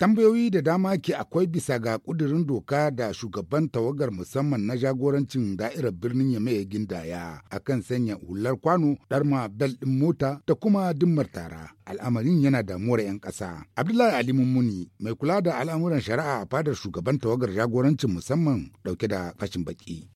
Tambayoyi da dama ke akwai bisa ga ƙudirin doka da shugaban tawagar musamman na jagorancin da'irar birnin Yamai gindaya akan sanya hular kwano, ɗarma bel ɗin mota da kuma dimmar tara. al'amarin yana damuwar 'yan ƙasa. Abdullahi Ali Mummuni mai kula da al'amuran shari'a a fadar shugaban tawagar jagorancin musamman dauke da fashin baki.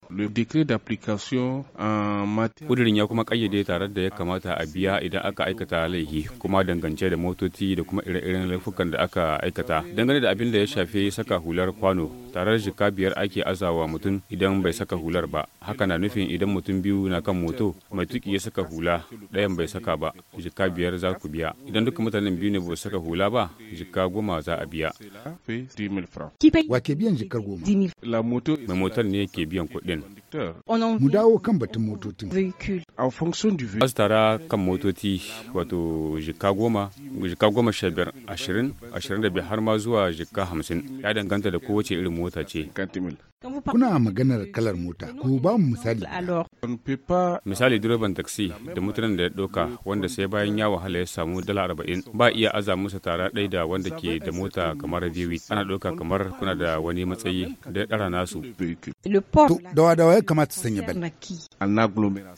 Kudirin ya kuma kayyade tare da ya kamata a biya idan aka aikata laifi kuma dangance da motoci da kuma ire-iren laifukan da aka aikata. Dangane da abin da ya shafi saka hular kwano tare da jika biyar ake azawa mutum idan bai saka hular ba. Haka na nufin idan mutum biyu na kan moto mai tuki ya saka hula ɗayan bai saka ba jika biyar za ku biya. idan duka mutanen biyu ne ba saka hula ba jikka goma za a biya wa ke biyan jikkar goma mai motar ne ke biyan kuɗin mu dawo kan batun motocin a su tara kan motoci wato jikka goma jikka goma sha biyar ashirin ashirin da biyar har ma zuwa jikka hamsin ya danganta da kowace irin mota ce Kuna maganar kalar mota, ku ba mu misali. Misali direban taxi da mutanen da ya ɗauka wanda sai bayan ya wahala ya samu dala arba'in ba iya aza musa tara ɗai da wanda ke da mota kamar biwi ana ɗauka kamar kuna da wani matsayi da ɗara nasu To, dawa dawa ya kamata sanya bel.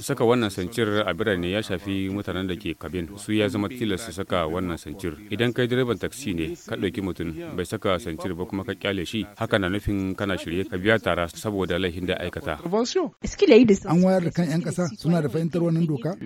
Saka wannan sancir a birane ya shafi mutanen da ke kabin su ya zama tilas su saka wannan sancir. Idan kai direban taksi ne ka ɗauki mutum bai saka sancir ba kuma ka kyale shi haka na nufin kana shirye ka biya tara saboda laifin da aikata. An wayar da kan 'yan ƙasa suna da fahimtar wannan doka?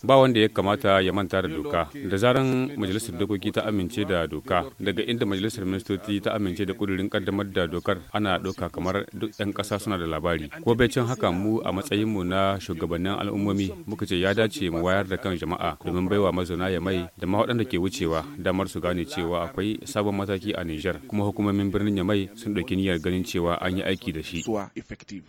Ba wanda ya kamata ya manta da doka. Da zaran majalisar dokoki ta amince da doka daga inda majalisar ministoci ta amince da ƙudurin kaddamar da dokar ana ɗauka kamar duk 'yan ƙasa suna da labari. Ko bai cin haka mu a matsayinmu na shugabannin al'ummomi muka ce ya dace mu wayar da kan jama'a domin baiwa mazauna ya mai da ma waɗanda ke wucewa damar su gane cewa akwai sabon mataki a Nijar kuma hukumomin birnin ya mai sun ɗauki niyyar ganin cewa an yi aiki da shi.